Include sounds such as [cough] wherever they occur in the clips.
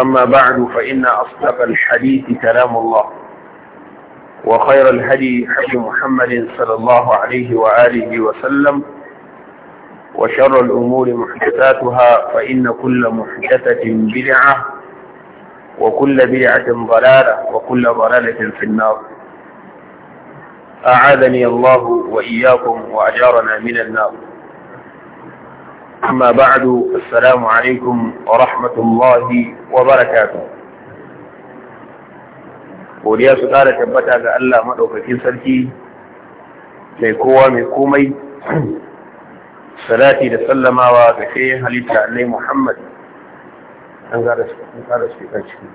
أما بعد فإن أصدق الحديث كلام الله وخير الهدي حدي محمد صلى الله عليه وآله وسلم وشر الأمور محدثاتها فإن كل محدثة بدعة وكل بدعة ضلالة وكل ضلالة في النار أعاذني الله وإياكم وأجارنا من النار أما بعد السلام عليكم ورحمة الله وبركاته godiya su ƙara tabbata ga Allah maɗaukakin sarki mai kowa mai komai salati da sallamawa ga shayin halitta annai Muhammad an ƙara su ciki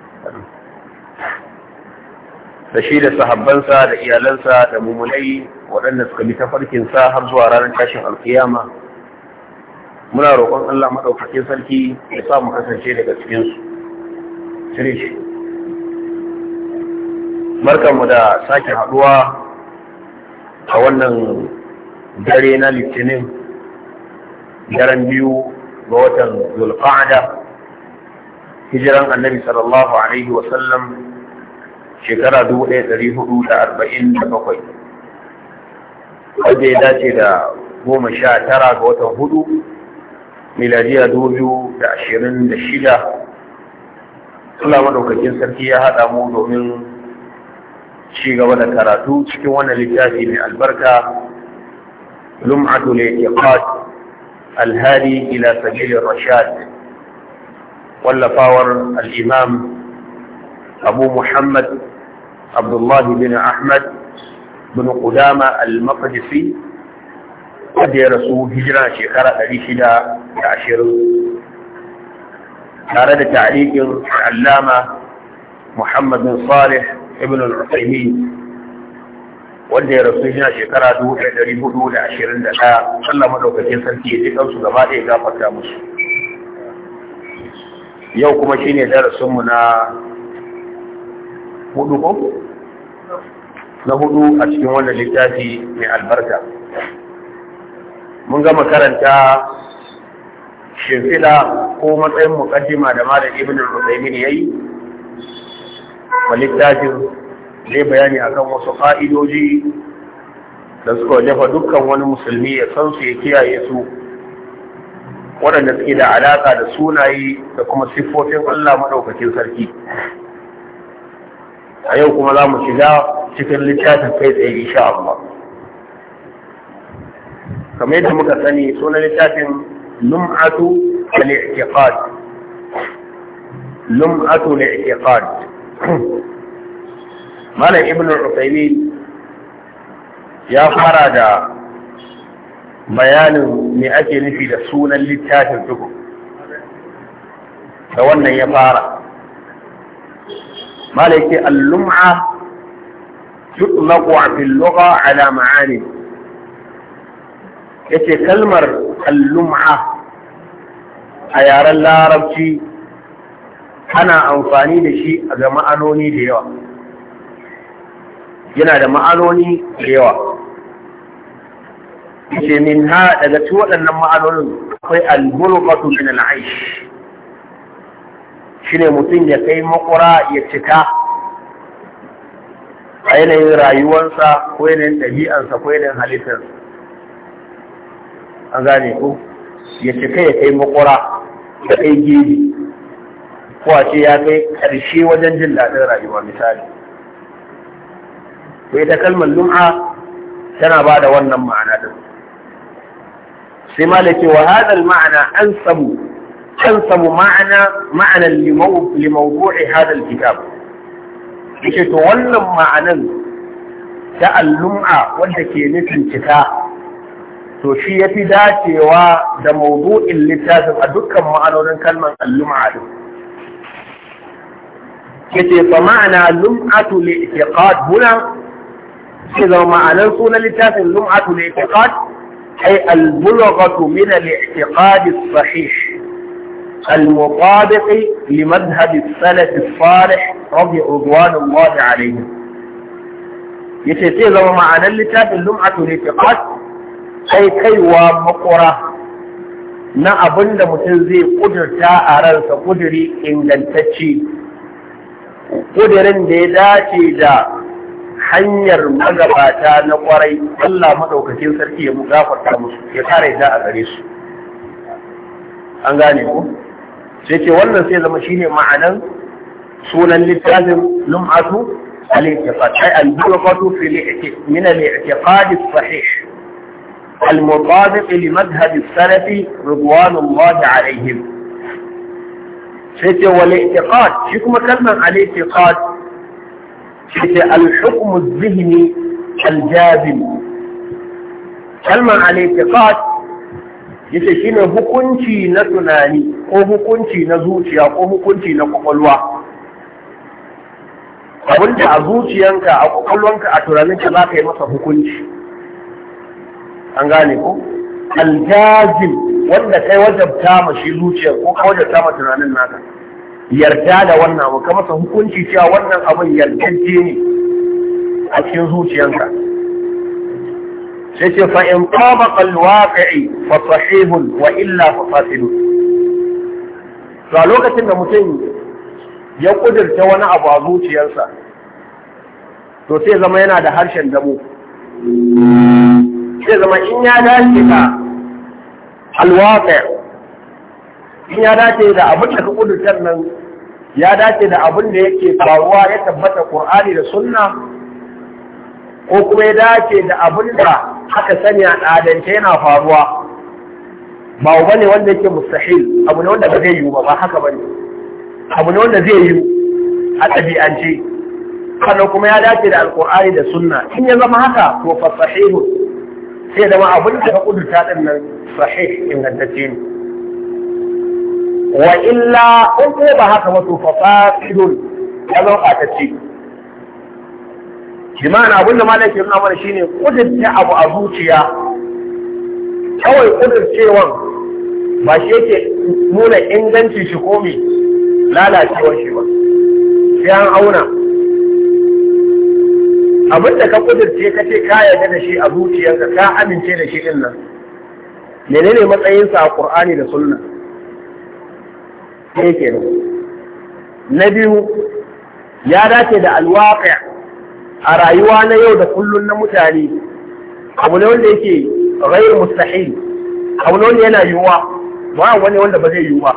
da shi da sahabbansa da iyalansa da mumulai waɗanda suka bi tafarkinsa har zuwa ranar tashin alkiyama muna roƙon Allah maɗaukakin sarki ya sa mu kasance daga cikinsu cire shi mu da sake haɗuwa a wannan dare na litinin daren biyu ga watan zulfa'ada hijiran annabi sallallahu alaihi wasallam shekara dubu ɗaya ɗari hudu da arba'in da bakwai wanda ya dace da goma sha tara ga watan huɗu. miladiya shida. Allah madaukakin sarki ya haɗa mu domin ci gaba da karatu cikin wannan littafi mai albarka lum'atu al-i'tiqad al-hadi ila sabil ar-rashad wallafawar al-imam Abu Muhammad Abdullah bin Ahmad bin Qudama al-Maqdisi wanda ya rasu hijira shekara shida. da ashirin tare da ta'liqin allama Muhammad bin Salih ibn al wanda ya rasu yana shekara 1421 Allah madaukakin sarki ya ji kansu gaba ɗaya gafarta musu yau kuma shine darasin mu na hudu ko na hudu a cikin wannan littafi mai albarka mun gama karanta shimfiɗa ko matsayin mukaddima da malar ibn al-Uthaymeen yayi walittafin zai bayani akan wasu fa'idoji da suka jefa dukkan wani musulmi ya san su ya kiyaye su waɗanda suke da alaƙa da sunaye da kuma siffofin Allah maɗaukakin sarki a yau kuma za mu shiga cikin littafin kai tsaye insha Allah kamar yadda muka sani sunan littafin لمعة الاعتقاد لمعة الاعتقاد [clears throat] مال ابن العثيمين يا فرادا بيان مئات نفي لسونا للتاتي الجبر فوانا يا فارا مال اللمعة تطلق في اللغة على معاني Yace kalmar kalmar luma a yaren larabci ana amfani da shi ga ma'anoni da yawa yana da ma'anoni da yawa ce min ha daga ci waɗannan ma'anonin akwai albulbatu min al-aish shine mutum ya kai makura ya cika a yanayin rayuwarsa ko yanayin ɗabi'arsa ko yanayin halittarsa an gane ko ya cika ya kai makura ya kai gini ko a ce ya kai ƙarshe wajen jin daɗin rayuwa misali ko ita kalmar lum'a tana ba da wannan ma'ana din sai malake wa hadal ma'ana an samu an samu ma'ana ma'anan limawdu'i hadal kitab yake to wannan ma'anan ta al-lum'a wanda ke nufin cika to shi yafi dacewa da mawdu'in littafin a dukkan ma'anonin kalmar al-lum'a din yace fa ma'ana lum'atu li'tiqad huna shi da ma'anar sunan littafin lum'atu li'tiqad ay al-bulughatu min al-i'tiqad as-sahih al-muqabiq li madhhab as-salaf as المطابق لمذهب السلف الصالح رضي رضوان الله عليهم يتسير معنى لتاب اللمعة لتقات kai kaiwa makura na abin da mutum zai kudurta a ransa kuduri ingantacci kudurin da ya dace da hanyar magabata na kwarai Allah maɗaukakin sarki ya gafarta musu ya kare da a gare su an gane ku sai ce wannan sai zama shine ma'anan sunan littafin lum'atu al ai ay al-buqatu fi al-i'tiqad min al-i'tiqad as-sahih المطابق لمذهب السلف رضوان الله عليهم شيء والاعتقاد شو كما كلمة الاعتقاد شيء الحكم الذهني الجاذب كلمة الاعتقاد yace shine hukunci na tunani ko hukunci na zuciya ko hukunci na kwakwalwa abinda a zuciyanka a kwakwalwanka a tunaninka za ka yi masa hukunci an gane ko aljazim wanda kai wajabta ma shi zuciya ko ka wajabta ma tunanin naka yarda da wannan abu ka masa hukunci cewa wannan abin yardajje ne a cikin zuciyanka sai ce fa in tabaqa alwaqi'i fa sahihun wa illa fa to a lokacin da mutum ya kudurta wani abu a zuciyarsa to sai zama yana da harshen dabo zai zama in ya dace da alwaƙa in ya dace da abin da ka ƙudurtar nan ya dace da abin da yake faruwa ya tabbata ƙur'ani da sunna ko kuma ya dace da abin da aka sani a ɗadance yana faruwa ba abu bane wanda yake mustahil abu ne wanda ba zai yiwu ba ba haka bane abu ne wanda zai yiwu a ɗabi'ance kuma ya dace da alƙur'ani da sunna in ya zama haka to fasahihu sai zama abin da ka kudurta din nan sahih ingantacce ne wa illa in ko ba haka ba to fa fasidun ya zama fatacce jima'an abin da malai ke nuna mana shine kudurta abu a zuciya kawai kudurcewan ba shi yake nuna ingancin shi ko me lalacewar shi ba sai an auna abin da ka kudurce ka ce ka yarda da shi a zuciyarka ka amince da shi dinnan menene menene matsayinsa a ƙur'ani da Sunna sai na biyu ya dace da alwaqi a rayuwa na yau da kullun na mutane abu ne wanda yake ghairu mustahil abu ne yana yiwuwa ba wani wanda ba zai yiwu ba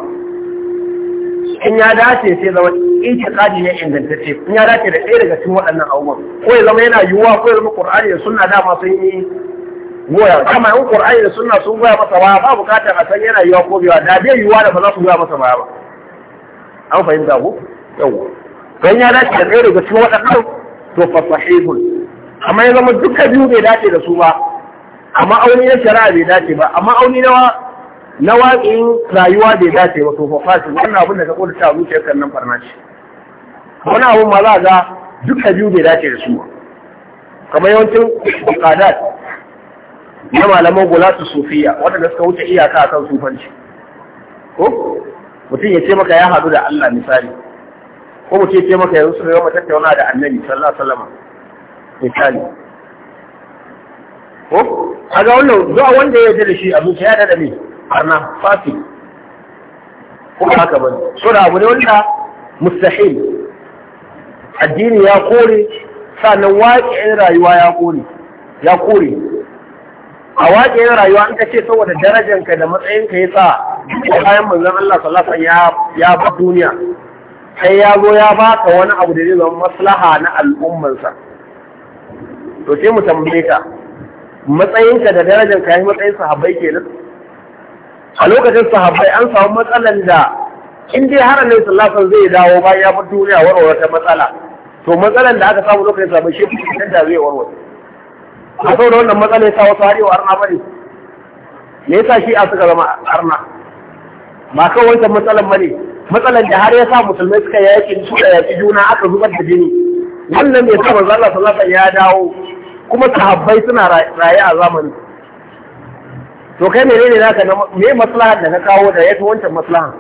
in ya dace sai zama tsadi ne ingantacce in ya dace da ɗaya daga cikin waɗannan abubuwan ko ya zama yana yiwuwa ko ya zama ƙur'ani da suna dama sun yi goya kama in ƙur'ani da suna sun goya masa baya ba bukatar a san yana yiwuwa ko bai da bai yiwuwa da ba za su goya masa baya ba an fahimta ko yawa In ya dace da ɗaya daga cikin waɗannan to fa sahihun amma ya zama duka biyu bai dace da su ba amma auni na shari'a bai dace ba amma auni na na watsin rayuwa bai dace ba to fafashi wannan abin da ka kudurta a zuciyar kan nan farnashi wani abin ma za ga duka biyu bai dace da su ba kamar yawancin bukadat na malaman gulatu sufiya wadanda suka wuce iyaka a kan sufanci ko mutum ya ce maka ya haɗu da Allah misali ko mutum ya ce maka yanzu sun gama tattauna da annabi sallallahu alaihi wasallam misali ko ga wannan zuwa wanda ya yarda da shi a zuciya da da me arna fasi ko haka ba so da abu ne wanda mustahil addini ya kore sannan waƙiyar rayuwa ya kore ya kore a waƙiyar rayuwa an ka ce saboda darajanka da matsayinka ya sa bayan manzon Allah sallallahu alaihi ya ba duniya sai ya zo ya baka wani abu da zai zama maslaha na al'ummansa to sai mu tambaye ka matsayinka da darajanka ya matsayin sahabbai kenan a lokacin sahabbai an samu matsalan da in dai har annabi sallallahu alaihi zai dawo bayan ya fi duniya warware ta matsala to matsalan da aka samu lokacin sahabbai shi ne da zai warware a saboda wannan matsala ya sa wasu har yau arna bane me yasa shi a suka zama arna ba kawai wancan matsalan bane matsalan da har ya sa musulmai suka yaƙi su da yaƙi juna aka zubar da jini wannan bai sa manzo Allah sallallahu alaihi ya dawo kuma sahabbai suna raye a zamanin to kai menene naka me maslahan da ka kawo da yafi wancan maslaha?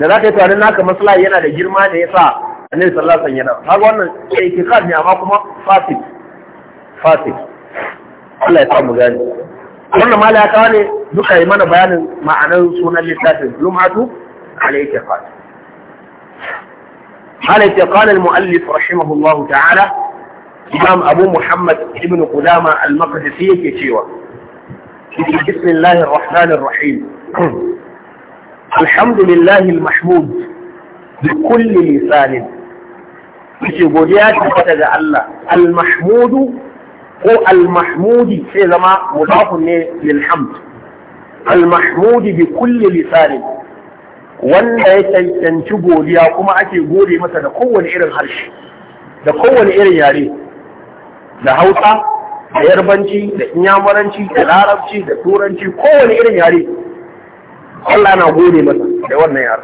da za yi tunanin naka maslaha yana da girma da ya sa annabi sallallahu alaihi wasallam kaga wannan itikad ne amma kuma fasid fasid Allah ya samu gani wannan mala ya kawo ne duka yi mana bayanin ma'anar sunan littafin lumatu al-itikad قال قال المؤلف رحمه الله تعالى إمام أبو محمد ابن قدامة المقدسي كتيوة بسم الله الرحمن الرحيم الحمد لله المحمود بكل لسان kace godiya ta ga Allah al-mahmudu ko al-mahmudi sai zama mudafun ne lil hamd al-mahmudi bi kulli lisan wanda ya tantance godiya kuma ake gode masa da kowane irin harshe da kowane irin yare da Hausa da yarbanci da inyamuranci da larabci da turanci kowane irin yare Allah na gode masa da wannan yare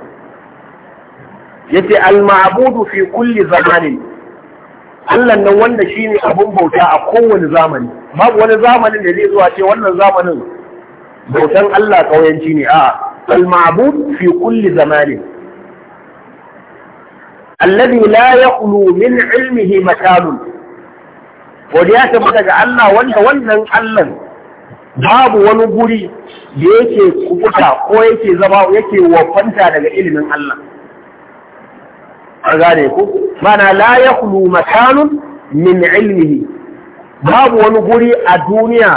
Ya ce al-ma'budu fi kulli zamanin Allah nan wanda shi ne abun bauta a kowane zamani babu wani zamanin da zai zuwa ce wannan zamanin bautan Allah kauyanci ne a al-ma'bud fi kulli zamanin alladhi la yaqulu min ilmihi makalun Wani ya mata ga Allah wanda wannan Allah babu wani guri da yake kubuta ko yake zama yake wafanta daga ilimin Allah gane ku mana la yakhlu makanun min ilmihi babu wani guri a duniya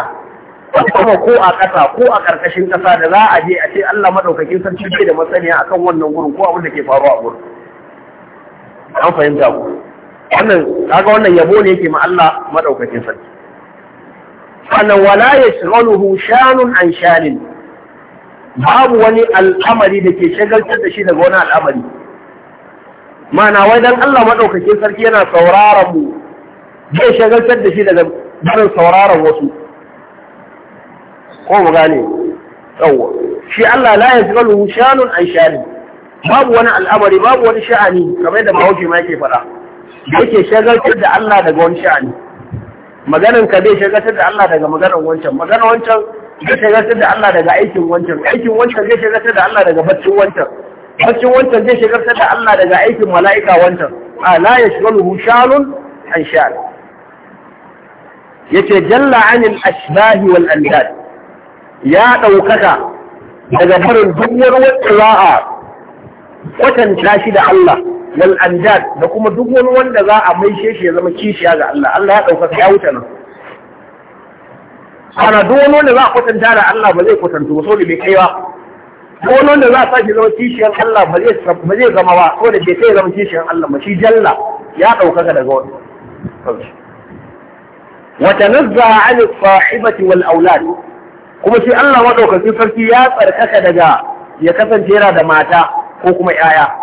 kuma ko a ƙasa ko a ƙarƙashin ƙasa da za a je a ce Allah maɗaukakin sarki bai da masaniya akan wannan gurin ko abin da ke faruwa a gurin an fahimta ku wannan kaga wannan yabo ne yake ma Allah madaukakin sarki sannan wala yashghaluhu shanun an shanin babu wani al'amari da ke shagaltar da shi daga wani al'amari mana wai dan Allah madaukakin sarki yana sauraron mu zai shagaltar da shi daga barin sauraron wasu ko mu gane yawwa shi Allah la yashghaluhu shanun an shanin babu wani al'amari babu wani sha'ani kamar da Bahaushe ma yake faɗa da yake shagaltar da Allah daga wani sha'ani maganan ka zai shagaltar da Allah daga maganan wancan maganan wancan zai shagaltar da Allah daga aikin wancan aikin wancan zai shagaltar da Allah daga baccin wancan baccin wancan zai shagaltar da Allah daga aikin mala'ika wancan a la yashghaluhu shalun an sha'al yace jalla anil ashbahi wal andad ya ɗaukaka daga barin duk wani wata za'a kwatanta shi da Allah wal andad da kuma duk wani wanda za a mai sheshe ya zama kishiya ga Allah Allah ya ɗaukaka ya wuce nan ana duk wani wanda za a kwatanta da Allah ba zai kwatantu ba da bai kai ba duk wani wanda za a sake zama kishiyar Allah ba zai zama ba da bai kai zama kishiyar Allah ba shi jalla ya ɗaukaka daga wani wata nazza an sahibati wal aulad kuma shi Allah madaukaki sarki ya tsarkaka daga ya kasance yana da mata ko kuma yaya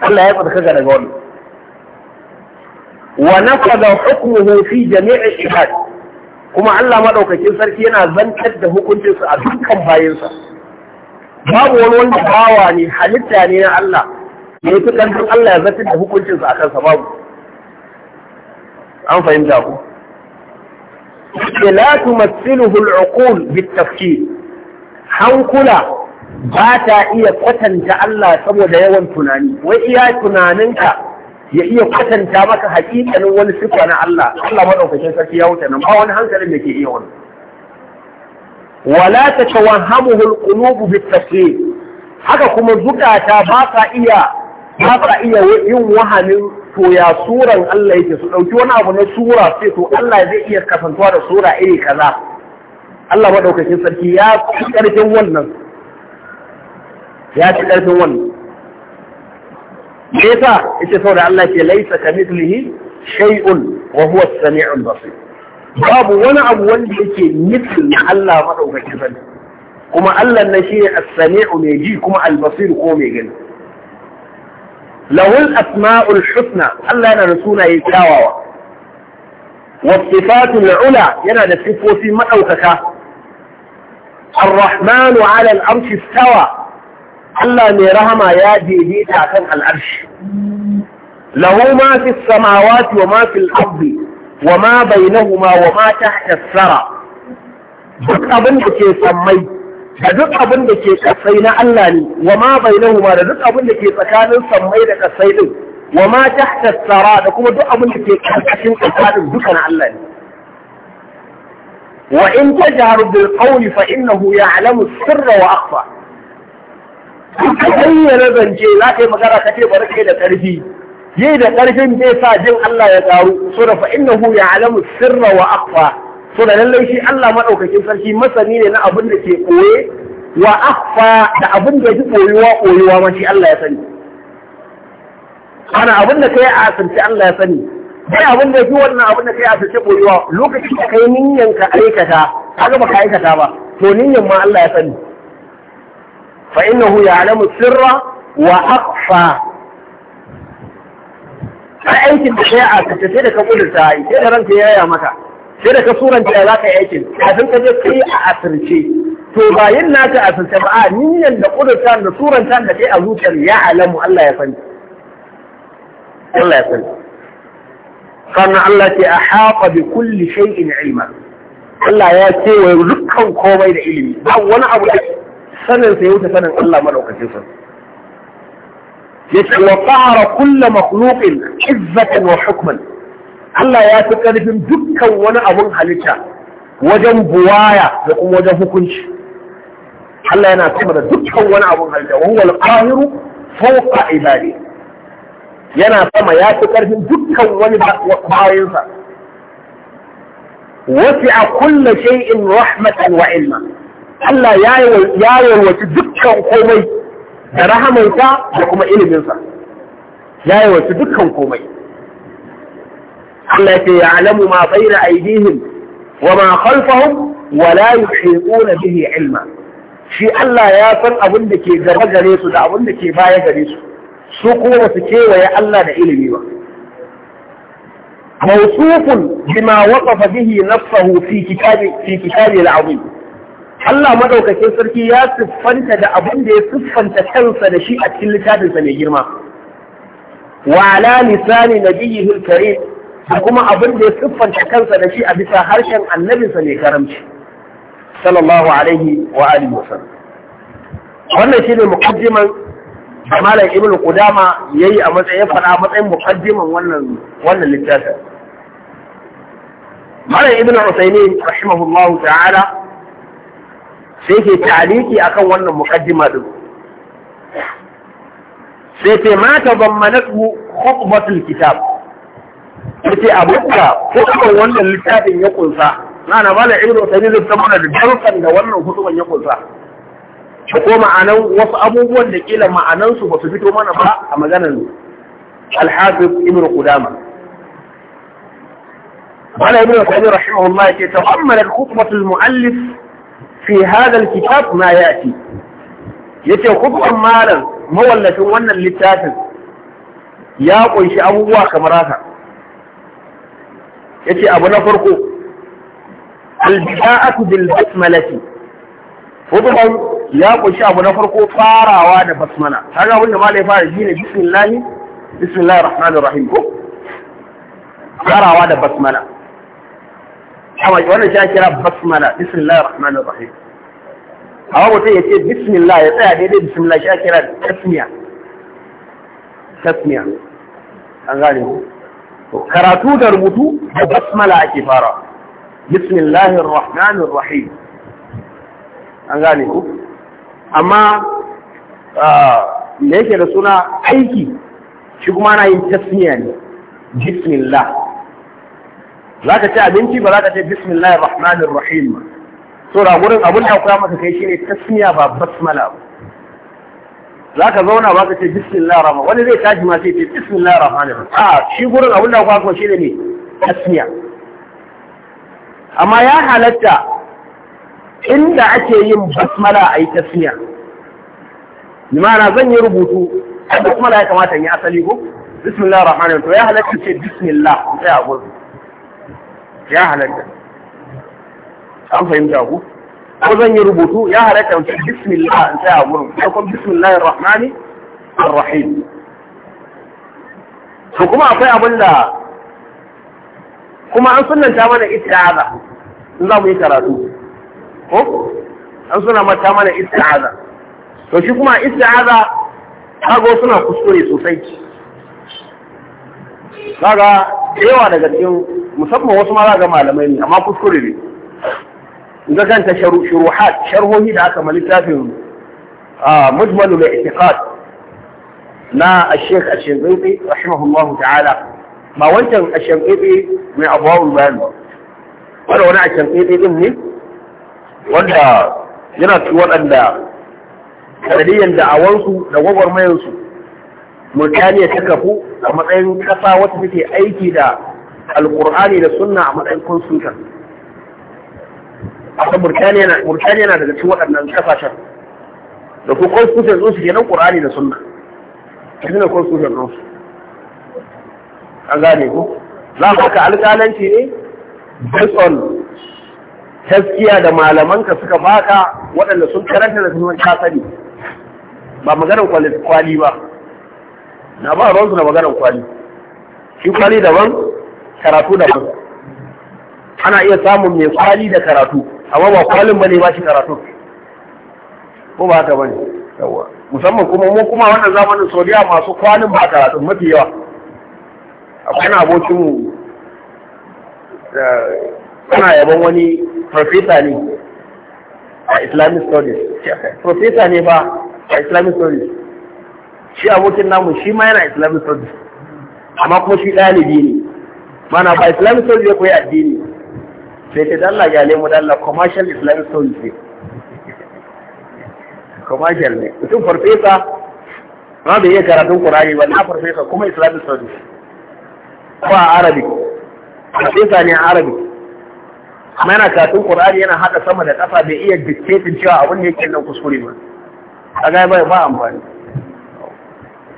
Allah ya tsarkaka daga wannan wa nafada hukmuhu fi jami'i ibad kuma Allah maɗaukakin sarki yana zantar da hukuncinsa a dukkan bayansa. babu wani wanda bawa ne halitta ne na Allah ya yi tukantun Allah ya zartar da hukuncinsa a kansa babu an fahimta ku la tumassiluhu al-uqul bit-tafkir hankula ba ta iya kwatanta Allah saboda yawan tunani wai iya tunaninka ya iya kwatanta maka hakikanin wani sifa na Allah Allah madaukakin sarki ya wuce nan ba wani hankalin da ke iya wani wala tatawahamuhu alqulubu bitafsir haka kuma zukata ba ta iya ba ta iya yin wahamin to ya suran Allah yake su dauki wani abu na sura sai to Allah zai iya kasantuwa da sura iri kaza Allah madaukakin sarki ya fi karfin wannan ya ci ƙarfin wani. me yasa yace saboda Allah ke laisa kamithlihi shay'un wa huwa sami'un basir babu wani abu wanda yake mithl na Allah madaukakin sarki kuma Allah na shi as-sami'u mai ji kuma al-basir ko mai gani lahul asma'ul husna Allah yana da sunaye kyawawa wa sifatul ula yana da sifofi madaukaka الرحمن على الأرش استوى Allah mai rahama ya daidaita kan al'arshi lahu ma fi samawati wa ma fi ardi wa ma bainahuma wa ma tahta as duk abin da ke sammai da duk abin da ke kasai na Allah ne wa ma bainahuma da duk abin da ke tsakanin sammai da kasai din wa ma tahta as da kuma duk abin da ke karkashin kasadin duka na Allah ne wa in tajharu bil qawli fa innahu ya'lamu as-sirra wa akhfa ka bayyana zance za ka yi magana ka ce bari kai da ƙarfi yi da ƙarfin zai sa jin Allah ya ƙaru so da fa'innahu ya alamu sirra wa akfa so da lallai shi Allah maɗaukakin sarki masani ne na abin da ke koye wa akfa da abin da ya ji koyuwa koyuwa ma shi Allah ya sani ana abin da kai a asirce Allah ya sani bai abin da ya fi wannan abin da kai a asirce koyuwa lokacin da kai niyyanka aikata ka ga ka aikata ba to niyyan ma Allah ya sani fa innahu ya'lamu sirra wa akhfa a aikin da kai a kace sai da ka kudurta ai sai da ranka yaya maka sai da ka suranta da zaka yi aikin kafin ka je kai a asirce to ba yin naka asirce ba a niyyar da kudurta da suranta da kai a zuciyar ya alamu Allah ya sani Allah ya sani sannan Allah ke a haƙa bi kulli shay'in ilma Allah ya ce wa dukkan komai da ilimi ba wani abu da sanin sa ya wuce sanin Allah madaukakin sa yace wa qahara kullu makhluqin izzatan wa hukman Allah ya fi karfin dukkan wani abun halitta wajen buwaya da kuma wajen hukunci Allah yana sama da dukkan wani abun halitta wa huwa al-qahiru fawqa ibadi yana sama ya fi karfin dukkan wani bayansa wasi'a kullu shay'in rahmatan wa ilma Allah ya yalwaci dukkan komai da rahamansa da kuma iliminsa ya yalwaci dukkan komai Allah ke ya'lamu ma da aydihim wa ma khalfahum wa la yuhituna bihi ilma shi Allah ya san abin da ke gaba gare su da abin da ke baya gare su su kuma ba su kewaye Allah da ilimi ba mausufun بما wasafa bihi نفسه في كتاب في كتابه Allah maɗaukakin sarki ya siffanta da abin da ya siffanta kansa da shi a cikin littafinsa mai girma wa ala lisani nabiyihil karim da kuma abin da ya siffanta kansa da shi a bisa harshen annabinsa mai karamci sallallahu alaihi wa alihi wasallam wannan shi ne muqaddiman da malam ibnu qudama yayi a matsayin fara matsayin muqaddiman wannan wannan littafin malam Ibn usaymin rahimahullahu ta'ala sai ke ta'aliki akan wannan muqaddima din sai ce ma tazammanatu khutbatul kitab yace abuka hukumar wannan littafin ya kunsa na na bala ibnu tayyib ta mana da darsan da wannan hukumar ya kunsa ko ma'anan wasu abubuwan da kila ma'anansu ba su fito mana ba a maganar al-hafiz ibnu qudama bala ibnu tayyib rahimahullah ta' tazammanat khutbatul muallif fi hadal kitab ma yati yace kuban malam mawallafin wannan littafin ya kunshi abubuwa kamar haka yace abu na farko al-bida'atu bil basmalati hudubar ya kunshi abu na farko farawa da basmala kaga wanda da malai fara shi ne bismillahi bismillahir rahmanir rahim ko farawa da basmala wannan shi ake kira basmala bismillahir rahmanir rahim amma mutum ya ce bismillah ya tsaya daidai bismillah shi ake kira tasmiya tasmiya an gane ku karatu da rubutu da basmala ake fara bismillahir rahmanir rahim an gane ku amma me yake da suna aiki shi kuma ana yin tasmiya ne za ka abinci ba za ce bismillahir rahmanir rahim so da gurin abun da akwai maka kai shine tasmiya ba basmala ba za zauna ba ka ce bismillahir rahman wani zai taji ma sai ce bismillahir rahmanir rahim a shi gurin abun da kuma maka shine ne tasmiya amma ya halatta inda ake yin basmala a yi tasmiya limana zan yi rubutu basmala ya kamata in yi asali ko bismillahir rahmanir rahim to ya halatta ce bismillah sai a gurin ya halatta an fahimta ku ko zan yi rubutu ya halatta wace bismillah an tsaya a gurin farkon bismillahir rahmani rahim to kuma akwai abin da kuma an sunanta mana isti'aza in za mu yi karatu ko an suna mata mana isti'aza to shi kuma isti'aza kago suna kuskure sosai kaga yawa daga cikin musamman wasu ma ga malamai ne amma kuskure ne ga ganta shuruhat sharhohi da aka malittafin mujmalu mai itiqad na ashek ashirɓeɓe rahimahullahu ta'ala ba wancan ashirɓeɓe mai abuwa'ul bayan ba wanda wani ashirɓeɓe ɗin ne wanda yana ci waɗanda sanadiyyar da'awarsu da gwagwarmayarsu Murtaniya ta kafu a matsayin ƙasa wata take aiki da alkur'ani da sunna a matsayin constitution a burtaniya na daga cikin waɗannan kasashen da ku constitution ɗin su kenan ƙur'ani da sunna shi ne constitution ɗin su an gane ku za a baka alƙalanci ne based on taskiya da malamanka suka baka waɗanda sun karanta da sun ka sani ba maganar kwali ba na ba ruwansu na maganar kwali shi kwali daban karatu da kuma ana iya samun mai kwali da karatu amma ba kwalin bane ba shi karatu ko ba haka bane yawa musamman kuma mu kuma wannan zamanin Saudiya masu kwalin ba karatu mafi yawa akwai na abokin mu eh, ana yaban wani profesa ne a Islamic studies profesa ne ba a Islamic studies shi abokin namu shi ma yana Islamic studies amma kuma shi ɗalibi ne mana ba islamic studies ya koyi addini sai ta dalla ya nemo dalla commercial islamic studies commercial ne mutum farfesa ba da iya karatun kurani ba na farfesa kuma islamic studies ko a arabic farfesa ne a arabic amma yana karatun kurani yana hada sama da ƙasa bai iya dictating cewa abin da yake nan kuskure ba bai ba amfani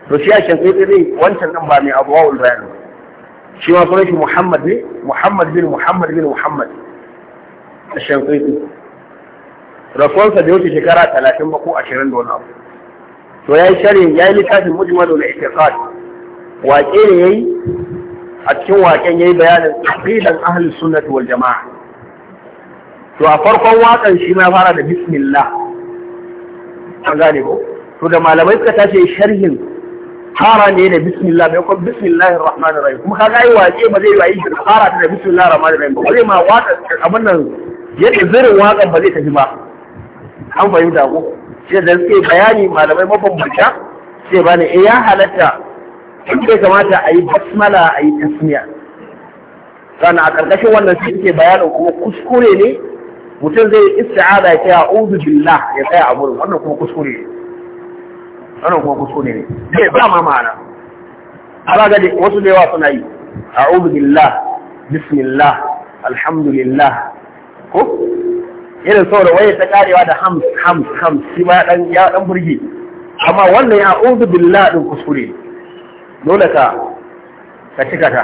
to shi a shan tsaye wancan nan ba mai abuwa ulbayan ba shi ma sunan shi Muhammad ne Muhammad bin Muhammad bin Muhammad a Shankaiti rasuwansa da wuce shekara talatin ba ko ashirin da wani abu to ya yi shari'a ya yi littafin mujmalul i'tiqad waƙe ne yayi a cikin waƙen yayi bayanin aqidan ahli sunnati wal jamaa to a farkon waƙan shi ma fara da bismillah an gane ko to da malamai suka tashi sharhin fara ne da bismillah mai kuma bismillah rahman rahim kuma kaga yi waje ba zai yi shi fara ta da bismillah rahman rahim ba zai ma waka abin nan yadda zirin wakan ba zai tafi ba an fahimta ko sai da suke bayani malamai mabambanta sai ba ne eh, ya halatta in bai kamata a yi basmala a yi tasmiya sannan a ƙarƙashin wannan sai suke bayanin kuma kuskure ne mutum zai isti'ada ya ce a'udhu billah ya tsaya a wurin wannan kuma kuskure ne wannan kuma kuskure ne sai ba ma ma'ana alaga gadi wasu da yawa suna yi a'udhu billah bismillah alhamdulillah ko irin saboda waye ta karewa da hams hams hams shi ma dan ya dan burge amma wannan ya a'udhu billah din kuskure dole ka ka cika ta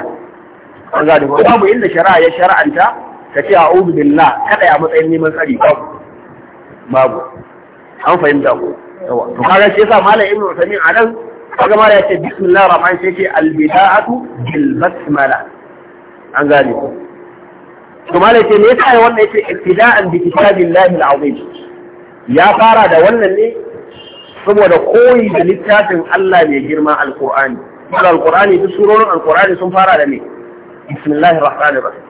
an gane ko babu inda shari'a ya shari'anta ka ce a'udhu billah kada a matsayin neman tsari babu babu an fahimta ko yawa to kaga shi yasa malam ibnu usaimin anan kaga malam yace bismillahir rahmanir rahim sai ce al bida'atu bil basmala an gane ko to malam yace me yasa wannan yace ibtida'an bi kitabillahi al azim ya fara da wannan ne saboda koyi da littafin Allah mai girma alqur'ani al-Qur'ani duk surorin al-Qur'ani sun fara da me bismillahir rahmanir rahim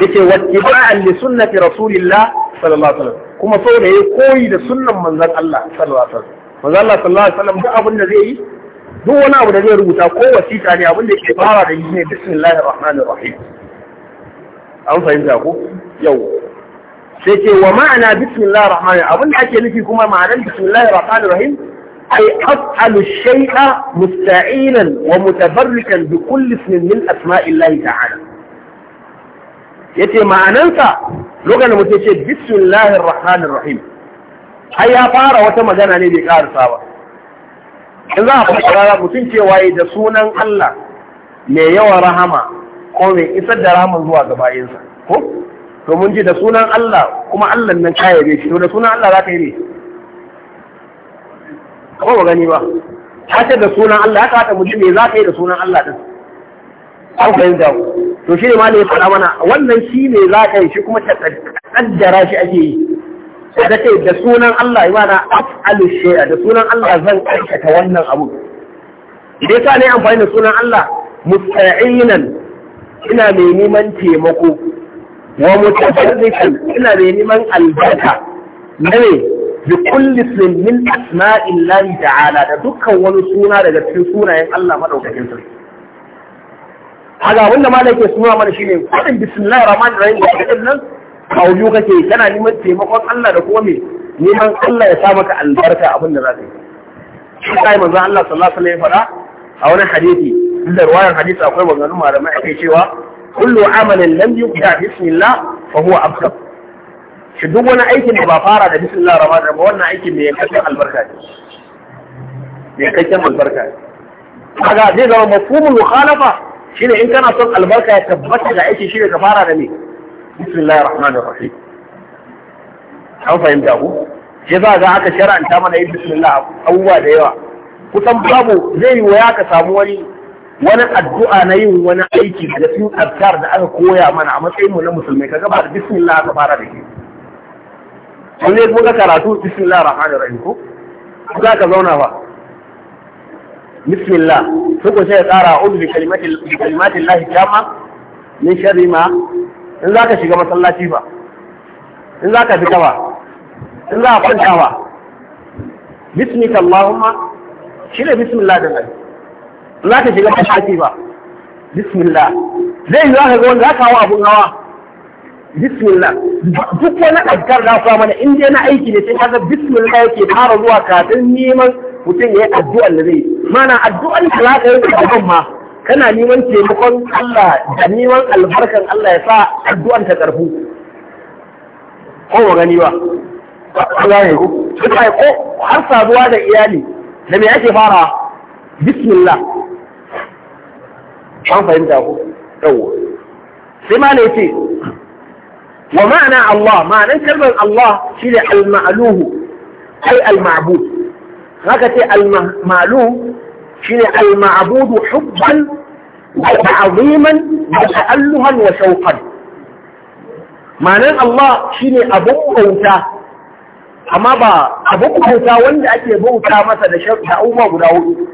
yace wattiba'an li sunnati rasulillah sallallahu alaihi wasallam kuma sau da yayi koyi da sunnan manzon Allah sallallahu alaihi wasallam manzon Allah sallallahu alaihi wasallam duk abin da zai yi duk wani abu da zai rubuta ko wasiƙa ne abin da yake fara da yi ne bismillahir rahmanir rahim an fahimta ko yau sai ce wa ma'ana bismillahir rahmanir abin da ake nufi kuma ma'anar bismillahir rahmanir rahim ay af'alu shay'a musta'inan wa mutabarrikan bi kulli ismin min asma'illahi ta'ala yace ma'anansa lokacin da mutum ce bismillahir rahmanir rahim ai ya fara wata magana ne bai karasa ba in za a fara mutum ce waye da sunan Allah mai yawan rahama ko mai isar da rahama zuwa ga bayinsa ko to mun ji da sunan Allah kuma Allah nan kaya bai shi to da sunan Allah za ka yi ne ko ba gani ba haka da sunan Allah haka kawata mu ji me za ka yi da sunan Allah din an fahimta to shi ne ma ya faɗa mana wannan shi ne za ka yi shi kuma ta kaddara shi ake yi da ce da sunan Allah ya mana af'alu shay'a da sunan Allah zan aikata wannan abu idan sa ne amfani da sunan Allah musta'inan ina mai neman taimako wa mutafarrikan ina mai neman albarka ne bi kulli min asma'illahi ta'ala da dukkan wani suna daga cikin sunayen Allah madaukakin sarki haga wanda malam ke suna mana shine fadin bismillahir rahmanir rahim da kadin nan kauyu kake kana neman taimakon Allah da kuma me neman Allah ya sa maka albarka abin da za yi shi kai manzo Allah sallallahu alaihi wa wasallam a wani hadisi da ruwayar hadisi akwai maganganun malamai ake cewa kullu amalin lam yubda bismillah fa huwa abtar shi duk wani aikin da ba fara da bismillah rahmanir rahim wannan aikin ne ya kace albarka ne ya kace albarka kaga zai zama mafhumul mukhalafa ne in kana son albarka ya tabbata ga aiki shi ne ka fara da me bismillahir rahmanir rahim an fahimta ku shi za ga aka shara'anta mana yin bismillah abubuwa da yawa kusan babu zai yi waya ka samu wani wani addu'a na yin wani aiki daga cikin azkar da aka koya mana a matsayinmu na musulmai Ka kaga ba bismillah ka fara da shi kun ne kuma karatu bismillah rahmanir rahim ko za ka zauna ba bismillah tukun sai ya tsara udu bi kalimatin lahi tamma min sharri ma in za ka shiga masallaci ba in za ka fita ba in za ka kwanta ba bismika allahumma shi ne bismillah da nan in za ka shiga masallaci ba bismillah zai yi za ka ga wanda za ka hawa abun hawa bismillah duk wani azkar da fa mana in dai na aiki ne sai kaga bismillah yake fara zuwa kafin neman mutum ya yi addu'ar da zai yi mana addu'an da za ka yi da ma kana neman taimakon Allah da neman albarkan Allah ya sa addu'an ta karfu ko wa gani ba ko gane ko sai ko har saduwa da iyali da me yake fara bismillah an fahimta ku, yawa sai ma ne ce wa ma'ana Allah ma'anan kalmar Allah shine al-ma'luhu ai al-ma'bud haka ce al-ma'lum shine al-ma'budu hubban wa ta'ziman wa ta'alluhan wa shawqan ma'anar Allah shine abun bauta amma ba abun bauta wanda ake bauta masa da sharuɗa guda hudu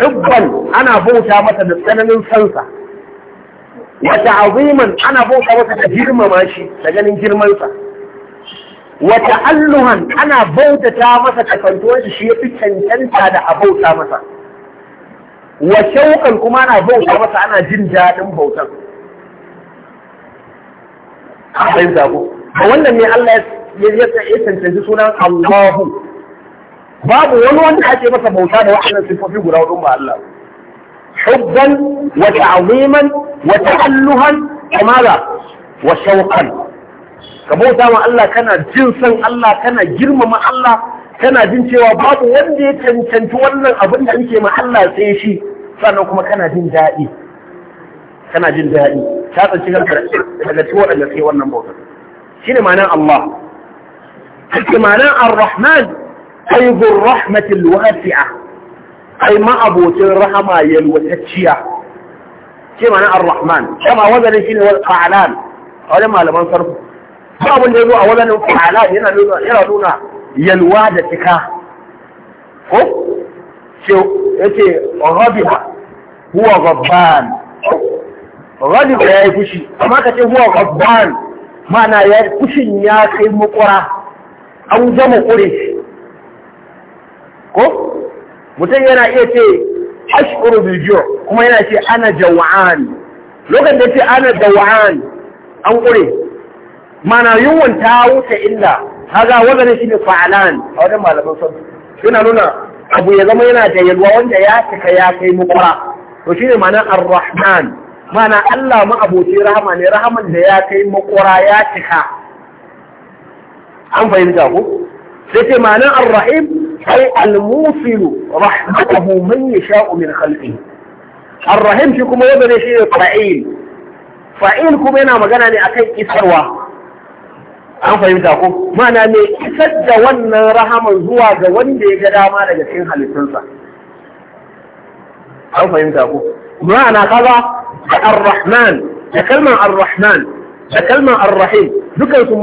hubban ana bauta masa da tsananin sansa wa ta'ziman ana bauta masa da girmama shi da ganin girmansa wata alluhan ana bautata masa kasantuwar shi shi ya fi cancanta da a bauta masa wa shauƙan kuma ana bauta masa ana jin daɗin bautan a bayan zago a wannan ne Allah ya cancanci sunan Allahu babu wani wanda ake masa bauta da waɗannan siffofi guda hudu ba Allah hubban wa ta'ziman wa ta'alluhan kamala wa shauqan ka bauta ma Allah kana jin san Allah kana girmama Allah kana jin cewa babu wanda ya cancanci wannan abin da ake ma Allah sai shi sannan kuma kana jin daɗi kana jin daɗi ta tsanci kanka daga cikin waɗanda sai wannan bautar shi ne ma'anar Allah shi ma'anar ar-rahman aibur rahmatil wasi'a ai ma'abocin rahama yalwatacciya ce mana ar-rahman kama wazanin ne wal fa'lan a wajen malaman sarfu ba abin da ya zo a wadannan ala yana nuna yana nuna yalwa da cika ko ce yace rabiha huwa rabban rabiha ya yi fushi amma ka ce huwa rabban ma'ana ya yi fushin ya kai makura an zama kure ko mutum yana iya ce ashkuru bijiyo kuma yana ce ana jawa'an lokacin da ce ana jawa'an an kure mana yunwan ta wuce illa haga wazanin shi ne fa'alan a wajen malaman sun yana nuna abu ya zama yana da yalwa wanda ya cika ya kai mukwara to shine ma'anar ar-rahman mana Allah ma aboci rahama ne rahaman da ya kai makwara ya cika an fahimta ku sai ce ma'anar ar-rahim ai al-musilu rahmatahu man yasha'u min khalqihi ar-rahim shi kuma wanda ne shi fa'il fa'il kuma yana magana ne akan isarwa an fahimta ko ma'ana ne isar da wannan rahama zuwa ga wanda ya ga dama daga cikin halittunsa an fahimta ko ma'ana kaza da ar-rahman da kalmar ar-rahman da kalmar ar-rahim dukan su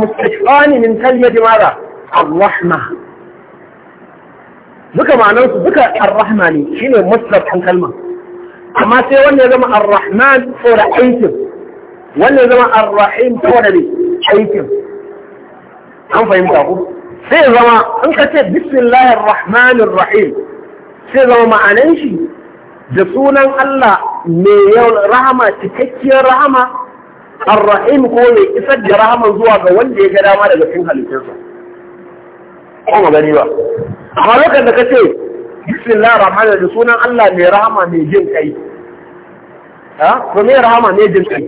mustashfani min kalmar mara ar-rahma duka ma'anar su duka ar-rahma ne shine mustar kan kalmar amma sai wanda ya zama ar-rahman saboda aikin wanda ya zama ar-rahim saboda ne aikin an fahimta ku sai zama an ka ce bismillahir rahmanir rahim sai zama ma'anan shi da sunan Allah mai yawan rahama cikakkiyar rahama arra'im ko ne isar da rahama zuwa ga wanda ya ga dama daga cikin halittarsa ko ma gani ba amma lokacin da kace bismillahir rahmanir da sunan Allah mai rahama mai jin kai ha ko mai rahama mai jin kai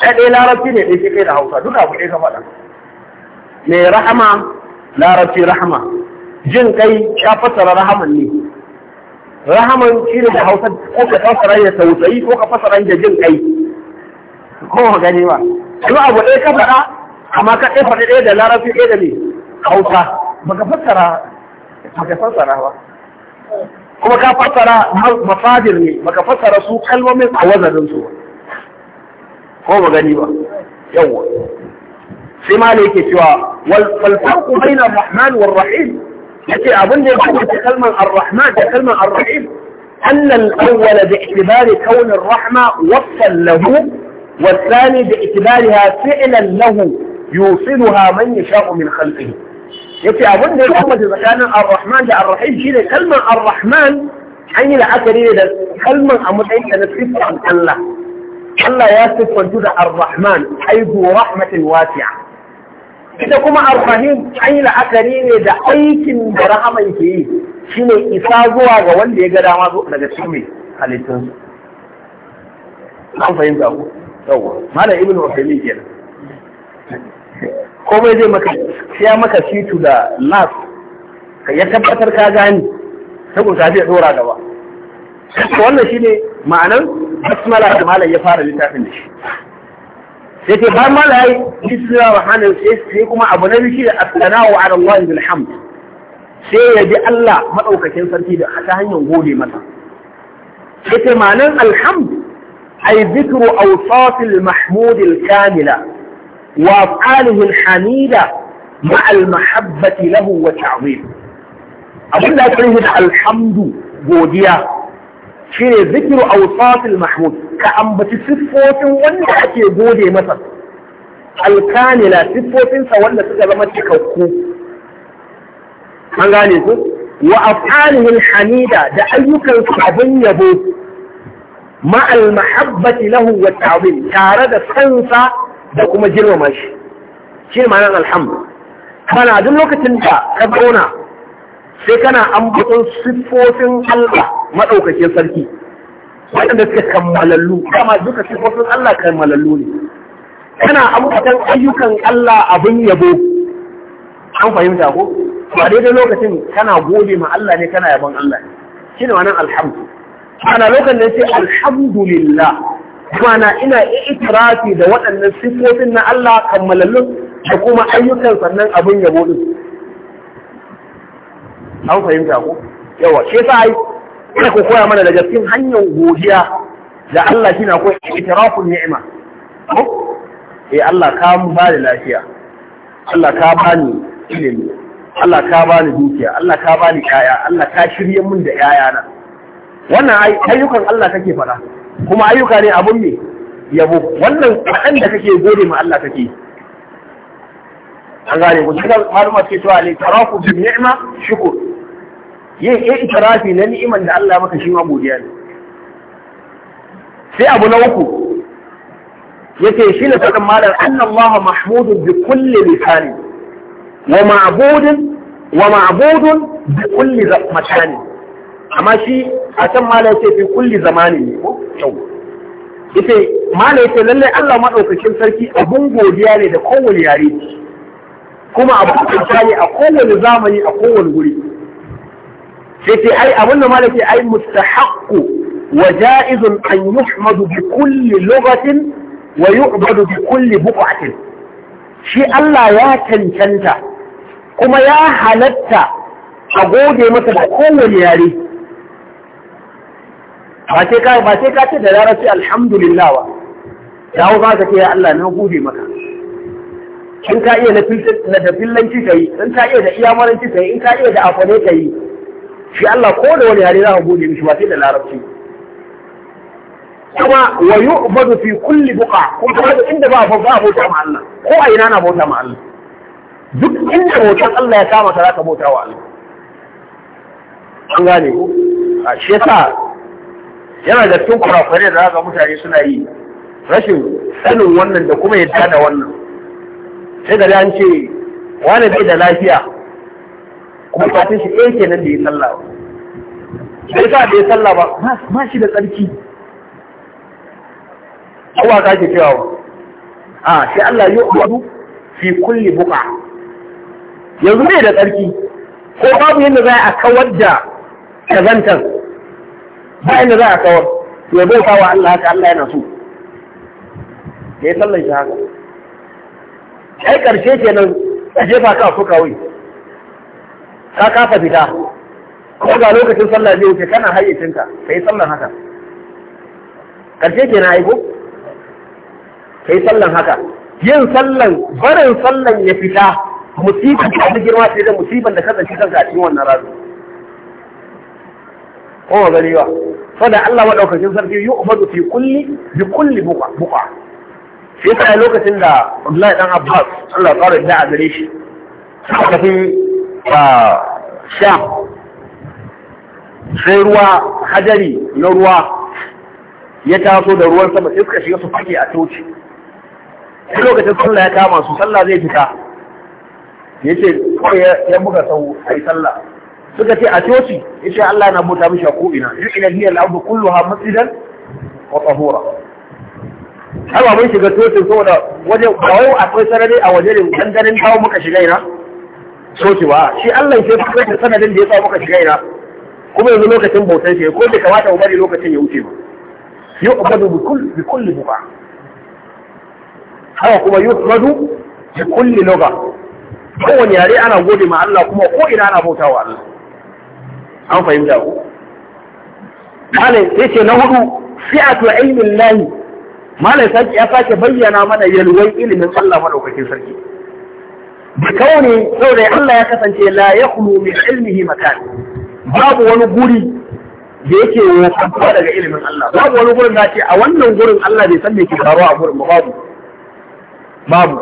sai dai larabci ne ɗaya kai da hausa duka abu ɗaya ka fada mai rahama larabci rahama jin kai ya fassara rahaman ne rahaman shi ne da hausa ko ka fassara ya tausayi ko ka fassara ya jin kai ko ka gani ba duk abu ɗaya ka faɗa amma ka ɗaya faɗi ɗaya da larabci ɗaya da ne hausa ba ka fassara ka fassara ba kuma ka fassara mafadir ne ka fassara su kalmomin a wazarin su ba ko ba gani ba yawa sai ma ne yake cewa wal farqu baina ar-rahman war rahim yace abin da yake cikin kalmar ar-rahman da kalmar ar-rahim anna awwal bi i'tibari kawn ar-rahma wasal lahu والثاني باعتبارها فعلا له يوصلها من يشاء من خلقه yace abin da ya bambanta tsakanin ar-rahman da ar-rahim shine kalmar ar-rahman an yi la'akari ne da kalmar a matsayin da na siffar Allah Allah ya siffantu da Ar-Rahman aibu rahmatin wasi'a ita kuma Ar-Rahim an yi la'akari ne da aikin da rahama ke yi shi ne isa zuwa ga wanda ya ga dama zo daga cikin mai Na an fahimta ku yawwa malam ibn Uthaymeen kenan komai zai maka siya maka situ da nas ya tabbatar ka gani saboda ta fi dora gaba wannan shine ma'anar basmala da malam ya fara littafin da shi sai ce bayan ya yi bismillah wa hanan sai kuma abu na bishi da asanawa ala Allah bil hamd sai ya bi Allah madaukakin sarki da ta hanyar gode masa sai ce ma'anar alhamd ay zikru al mahmud al kamila wa afalihi al hamida ma al mahabbati lahu wa ta'zim abinda ake da alhamdu godiya shine zikru awsatil mahmud ka ambaci siffofin wanda ake gode masa alkamila siffofinsa wanda suka zama cikakku an gane su wa af'alihil hamida da ayyukansu abin yabo ma'al mahabbati lahu wa ta'zim tare da sansa da kuma girmama shi shi ma'anar alhamdu kana duk lokacin da ka zauna sai kana ambaton siffofin Allah madaukakin sarki waɗanda suka kammalallu dama duka siffofin Allah kammalallu ne kana ambaton ayyukan Allah abin yabo an fahimta ko ba daidai lokacin kana gode ma Allah ne kana yabon Allah ne shine wannan alhamdu ana lokacin da sai alhamdulillah mana ina itirafi da waɗannan siffofin na Allah kammalallun da kuma ayyukan sannan abin yabo din an fahimta ko yawa shi yasa ai ina ku koya mana daga cikin hanyar godiya da Allah shi na ko itirafun ni'ima eh Allah ka mu ba da lafiya Allah ka bani ilimi Allah ka bani dukiya Allah ka bani kaya Allah ka shirye mun da yaya na wannan ayyukan Allah kake fara kuma ayyuka ne abun ne yabo wannan kadan da kake gode ma Allah kake an gane ku shi maluma ce cewa ne taraku bi ni'ma shukr yin itirafi na ni'iman da Allah maka shi ma godiya ne sai abu na uku yace shi ne fadin malam annallaha mahmudun bi kulli lisani wa ma'budun wa ma'budun bi kulli makani amma shi a can malam ce fi kulli zamani ne ko yau yace malam yace lalle Allah madaukakin sarki abun godiya ne da kowane yare kuma abu ne a kowane zamani a kowane guri sai ce ai abin da malam ce ai mustahaqqu wa ja'izun an yuhmadu bi kulli lughatin wa yu'badu bi kulli buq'atin shi Allah ya cancanta kuma ya halatta a gode masa da kowane yare ba sai ka ba sai ka ce da larabci alhamdulillah wa Dawo hausa ka ce ya Allah na gode maka in ka iya na fillanci ka yi in ka iya da iyamaranci ka in ka iya da afane ka shi Allah ko da wani hali za a gode mishi ba sai da larabci kuma wa yu'badu fi kulli buqa kuma kaga inda ba ba bauta ma Allah ko a ina na bauta ma Allah duk inda bautan Allah ya kama ka zaka bauta wa Allah an gane ko a shi yasa yana da cikin kurakurai da zaka mutane suna yi rashin sanin wannan da kuma yadda da wannan sai da an ce wani bai da lafiya kuma kafin shi ɗaya kenan da ya sallah bai sa da ya sallah ba ma shi da tsarki Kuma ka ke cewa a sai Allah ya umaru fi kulli buka yanzu ne da tsarki ko babu yadda za a kawar da kazantar ba yadda za a kawar ya bai kawo Allah haka Allah yana so ya yi sallan shi haka ai ƙarshe kenan a jefa ka a fuka wai ka kafa fita ko ga lokacin sallah zai wuce kana hayyacinka ka yi sallan haka karshe ke na aiko ka yi sallan haka yin sallan barin sallan ya fita musibin da wani girma sai da musibar da kasance kanka a cikin wannan razu ko gani ba saboda Allah madaukakin sarki yu'madu fi kulli bi kulli buqa buqa sai lokacin da Abdullahi dan Abbas Allah ya fara da a gare shi sha sai ruwa hajari na ruwa ya taso da ruwan sama iska shiga su fage a toci sai lokacin sallah ya kama su sallah zai fita ya ce ya buga sau a yi sallah suka ce a toci ya ce Allah na bota mishi a ko'ina yi ina niyyar abu kullu ha masjidan wa tsahora har ba mun shiga cocin saboda waje ba wai akwai sarari a wajen ne dan kawo muka shiga ina sokewa shi Allah ya fi kai sanadin da ya sa muka shiga ina kuma yanzu lokacin bautar shi ko bai kamata mu bari lokacin ya wuce ba ubadu bi kulli bi kulli buba haka kuma ubadu bi kulli lugha kowane yare ana gode ma Allah kuma ko ina ana bautawa Allah an fahimta ku malai sai ce na hudu fi'atu ilmin lahi malai sai ya sake bayyana mana yalwai ilimin Allah madaukakin sarki bikauni saboda Allah ya kasance la yakhlu min ilmihi makan babu wani guri da yake wofantuwa daga ilimin Allah babu wani gurin da ce a wannan gurin Allah bai san me ke faruwa a gurin babu babu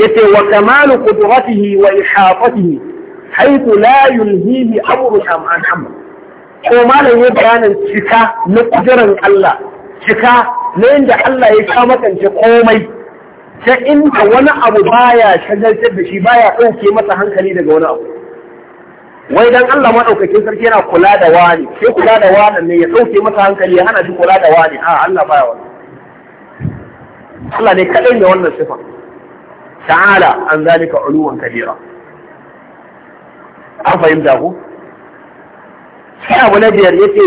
yace wa kamalu qudratihi wa ihafatihi haythu la yulhihi amru an amr ko malam ya bayanin cika na kudirin Allah cika na yadda Allah ya sha makance komai ta inda wani abu baya shagaltar da shi baya ɗauke masa hankali daga wani abu wai dan Allah maɗaukakin sarki yana kula da wani sai kula da wani ne ya ɗauke masa hankali ya hana shi kula da wani a Allah baya wani Allah ne kaɗai da wannan sifa ta'ala an zalika uluwan kabira an fahimta ku sai abu na biyar yace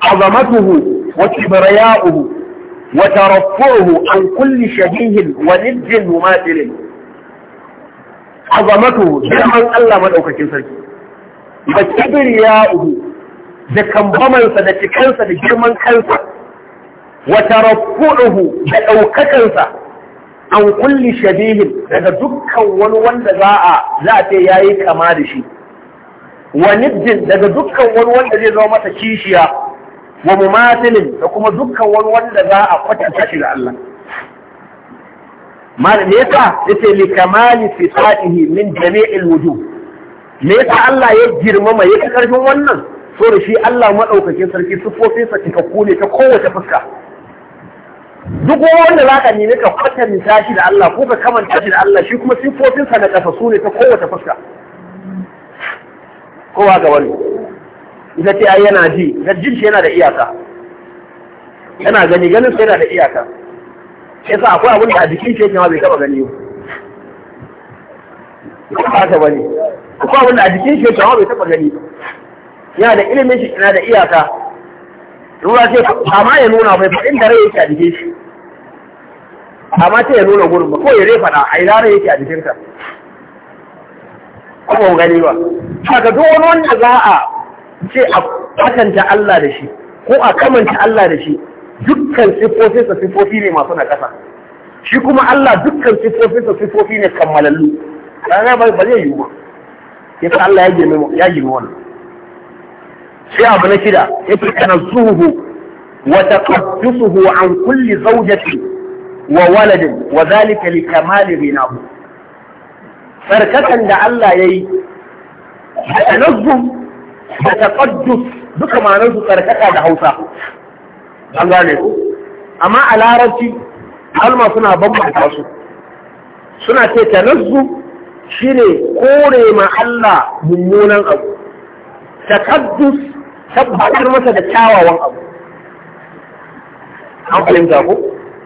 azamatuhu wa kibriya'uhu وترفعه عن كل شبيه ونج مماثل عظمته جمعا الله من أوكاكين سركي وكبرياؤه da kambamansa da cikansa da girman kansa wa tarafu'uhu da ɗaukakansa an kulli shabihin daga dukkan wani wanda za za a ce yayi kama da shi daga dukkan wani wanda zai zama masa kishiya wa mumathilin da kuma dukkan wani wanda za a kwatanta shi da Allah mal me yasa yace li kamali sifatihi min jami'il wujuh me yasa Allah ya girmama yake karfin wannan so da shi Allah madaukakin sarki sufofinsa cikakku ne ta kowace fuska duk wanda za ka nemi ka kwatanta shi da Allah ko ka kamanta shi da Allah shi kuma sifofinsa na kasasu ne ta kowace fuska kowa ga wani ita ce ai yana ji na jin shi yana da iyaka yana gani ganin sai yana da iyaka sa akwai abin da a jikin shi yake ma bai taba gani ba ba ta bane akwai abin da a jikin shi yake ma bai taba gani ba yana da ilimin shi yana da iyaka ruwa ce amma ya nuna bai fadin da rai yake a jikin shi amma ta ya nuna gurin ba ko ya rai faɗa ai ina yake a jikin ka? ko gani ba haka duk wani wanda za a ce a kwatanta Allah da shi ko a kamanta Allah da shi dukkan siffofinsa siffofi ne masu na ƙasa shi kuma Allah dukkan siffofinsa siffofi ne kammalallu kaga ba ba zai yiwu ya sa Allah ya girme ya girme wannan sai abu na shida yake tanazzuhu wa taqaddusuhu an kulli zawjati wa waladin wa dhalika li kamali rinahu sarkatan da Allah yayi tanazzuhu da taƙaddus duka ma'anar su tsarkaka da Hausa an gane ku amma a larabci alma suna bambanta su suna ce tanazzu shine kore ma Allah mummunan abu taƙaddus tabbatar masa da kyawawan abu an fahimta ko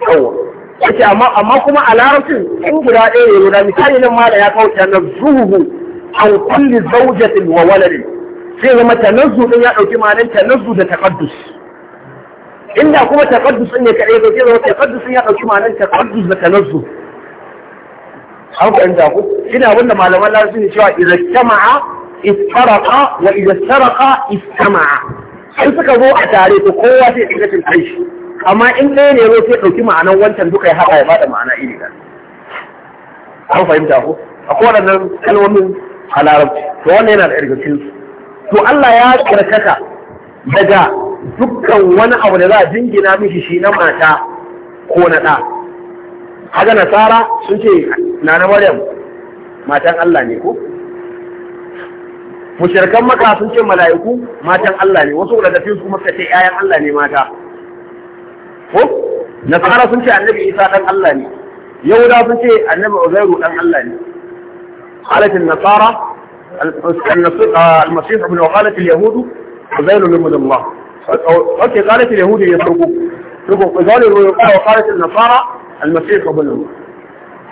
yawa yace amma amma kuma a larabcin in guda ɗaya ne guda misali nan ma da ya kawo tanazzuhu an kulli zaujatin wa waladin sai zama tanazzu din ya dauki ma'anar tanazzu da taqaddus inda kuma taqaddus ne kadai ba sai zama taqaddus ya dauki ma'anar taqaddus da tanazzu an fahimta ku ina wanda malaman larabci ne cewa idza jama'a istaraqa wa idza istaraqa istama'a sai suka zo a tare to kowa sai ya cin kai shi amma in ɗaya ne zo sai ɗauki ma'anar wancan duka ya haɗa ya bada ma'ana iri da an fahimta ku a kowannan kalmomin a larabci to wannan yana da irgacinsu to Allah ya karkaka daga dukkan wani abu da za a jingina mishi shi na mata ko na ɗa haka nasara sun ce na na maryam matan Allah ne ko mushirkan maka sun ce mala'iku matan Allah ne wasu da tafi kuma suka ce yayan Allah ne mata ko nasara sun ce annabi isa dan Allah ne yahuda sun ce annabi uzairu dan Allah ne halatin nasara المسيح ابن وقالت اليهود عزير من الله اوكي قالت اليهود يتركوا تركوا قالوا وقالت النصارى المسيح ابن الله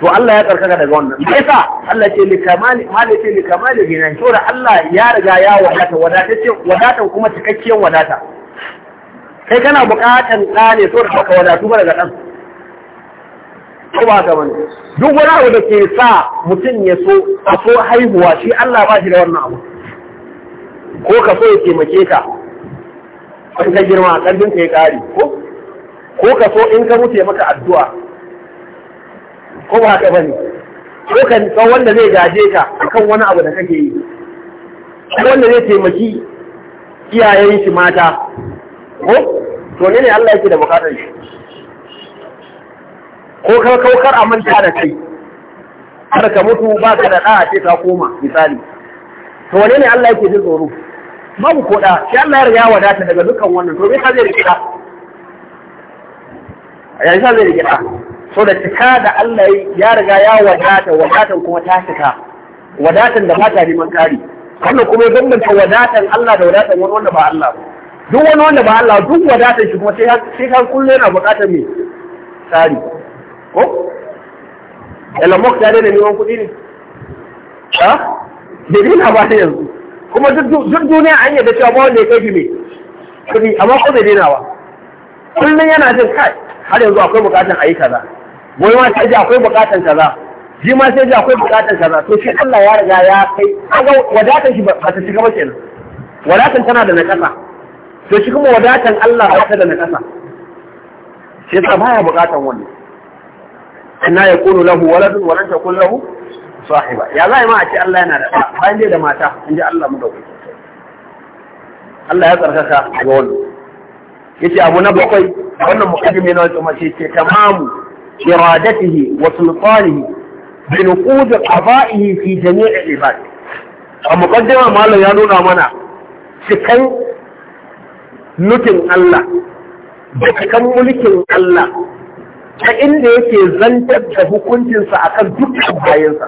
to Allah ya karkaka daga wannan me yasa Allah hali ce li kamali da Allah ya riga ya wadata wadatacce wadatan kuma cikakkiyar wadata kai kana bukatan ɗa ne so da ka wadatu ba daga dan. ko ba ka bane duk wani abu da ke sa mutum ya so a so haihuwa shi Allah ba shi da wannan abu ko ka so ya taimake ka in ka girma a ƙarfin ka ya ƙari ko ko ka so in ka mutu ya maka addu'a ko ba haka bane ko ka san wanda zai gaje ka akan wani abu da kake yi ko wanda zai taimaki iyayen shi mata ko to ne ne Allah yake da bukatar shi ko ka kaukar a manta da kai har ka mutu ba ka da ɗa ce ka koma misali to wane ne Allah yake jin tsoro babu ko ɗa shi Allah ya riga wadata daga dukkan wannan to me ka zai A yanzu zai rikida so da cika da Allah ya riga ya wadata wadatan kuma ta cika wadatan da ba ta neman kari wannan kuma ya bambanta wadatan Allah da wadatan wani wanda ba Allah ba duk wani wanda ba Allah duk wadatan shi kuma sai kan kullum yana buƙatar me tsari ko Elon Musk ya ni neman kuɗi ne ha bai na ba yanzu kuma duk duniya an yadda cewa ba wanda ya kai ne kuɗi amma ko bai daina ba kullum yana jin kai har yanzu akwai bukatan ayi kaza wai ma sai ji akwai bukatan kaza Ji ma sai ji akwai bukatan kaza to shi Allah ya riga ya kai kaga wadatan shi ba ta shiga ba kenan wadatan tana da nakasa to shi kuma wadatan Allah ba ta da nakasa shi yasa baya bukatan wannan anna yakunu lahu waladun wa lam takun lahu sahiba ya zai ma a ce Allah yana da ɗa bayan dai da mata in ji Allah mu dauki Allah ya tsarkaka a ga wannan yace abu na bakwai wannan muqaddimi na wata mace ce tamamu iradatihi wa sultanihi bi nuqud qada'ihi fi jami'i ibad a muqaddima malam ya nuna mana cikan nufin Allah da cikan mulkin Allah ta inda yake zantar da hukuncinsa akan dukkan bayansa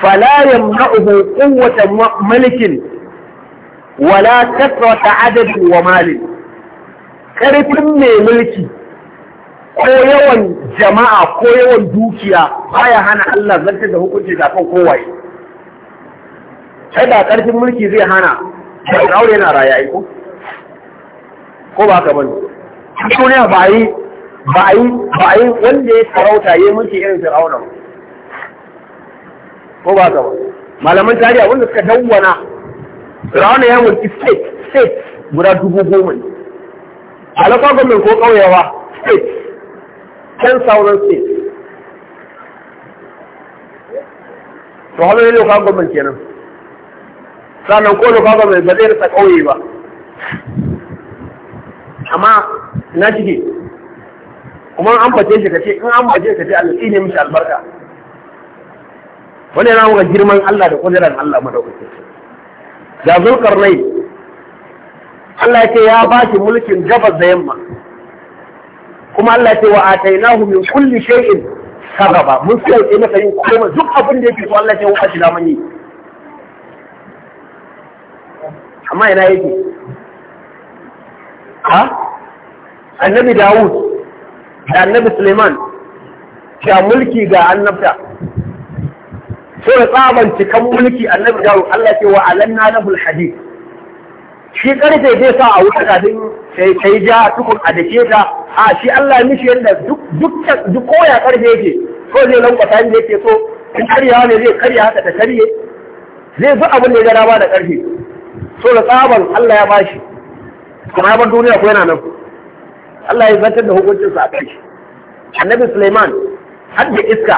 falayen yamna'uhu kowace malikin wala kasrata adadin wa malin karfin mai mulki ko yawan jama'a ko yawan dukiya baya hana Allah zantar da hukunci da kowaye sai kada ƙarfin mulki zai hana Fir'aun yana rayayi ko ko ba ka bani. duniya ba yi ba a yi ba a yi wanda ya sarauta ya mulki irin fir'auna ko ba ka ba malaman tarihi wanda suka dawwana fir'auna ya mulki state state guda dubu goma ne lafa gwamnan ko ƙauyewa state ten thousand state to haka ne lokacin gwamnan kenan sannan ko lokacin gwamnan ba zai rasa ƙauye ba amma na ciki kuma an bace shi ka ce in an bace ka ce Allah ne mishi albarka wannan yana muka girman Allah da kudiran Allah madaukake ga zulkarnai Allah ya ce ya ba shi mulkin gabas da yamma kuma Allah ya ce wa atainahu min kulli shay'in sababa mun sai masa yin komai duk abin da yake so Allah ya ce wa shi da mani amma ina yake ha annabi Dawud da annabi Suleiman cewa mulki ga annabta so da tsaban cikan mulki annabi dawo Allah ke wa alanna lahul hadid shi karfe zai sa a wuta kafin sai kai ja tukun a dake ta a shi Allah mishi yadda duk koya karfe yake so zai lankwata ne yake so in karyawa ne zai karya haka ta karye zai zo abin da ya gara ba da karfe so da tsaban Allah ya bashi kuma ya bar duniya ko yana nan Allah ya zartar da hukuncinsa a kai annabi Suleiman har da iska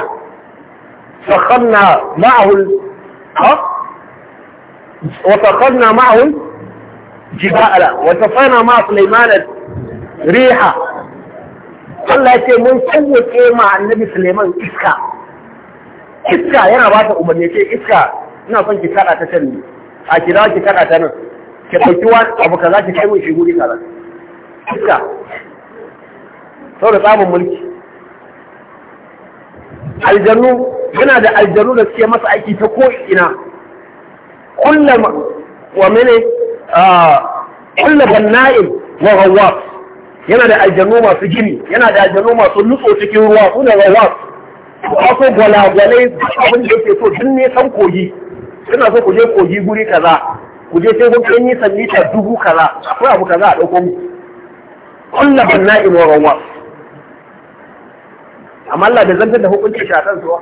sakhanna ma'ahu wa sakhanna ma'ahu jibala wa tafana ma Suleiman riha Allah ya ce mun sauke ma annabi Suleiman iska iska yana ba ta umarni ce iska ina son ki kada ta can a kira ki kada ta nan ki ɗauki wani abu kaza ki kai mun shi guri kaza iska saboda tsamin mulki aljannu yana da aljannu da suke masa aiki ta ko'ina kulla wa mene ban ah, banna'in wa hawa yana da aljannu masu gini yana da aljannu masu nutso cikin ruwa suna su aso gwalagwalai duk abin da yake so duk nisan kogi suna so ku je kogi guri kaza ku je sai kun kai nisan mita dubu kaza akwai abu kaza a ɗauko mu kullum banna'in wa rawaf amma Allah da zantar da hukuncin shi a kan suwa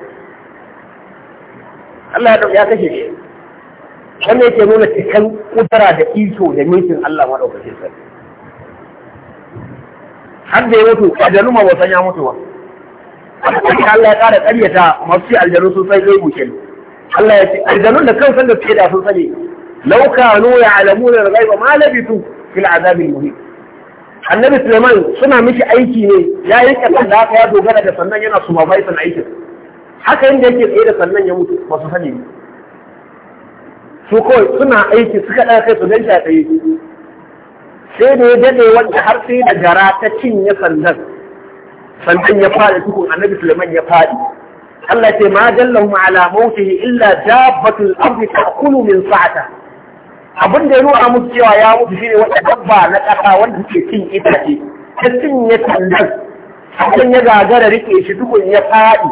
Allah ya ya kashe shi wanda yake nuna cikin kudara da iko da mikin Allah maɗaukacin sa har da ya mutu ajalu ma wasan ya mutu ba Allah ya ƙara karyata masu aljanu sun sai zai buke Allah ya ce aljanun da kansan da suke da sun sani lauka nuna ya'lamuna al ma labitu fil azabil muhim annabi Suleiman suna mishi aiki ne ya yi kasan da haka ya dogara da sannan yana su mabai san aikin haka inda yake tsaye da sannan ya mutu ba su sani su kawai suna aiki suka ɗaga kai su gan shi a tsaye sai da ya daɗe wanda har sai da gara ta cinye sandan sandan ya faɗi tukun annabi Suleiman ya faɗi Allah ce ma dallahum ala mautihi illa dabbatul ardi ta'kulu min sa'ata abin da ya nuna musu cewa ya mutu shi ne wata dabba na ƙasa wanda ke cin itace ta cinye tandan hakan ya gagara rike shi dukun ya faɗi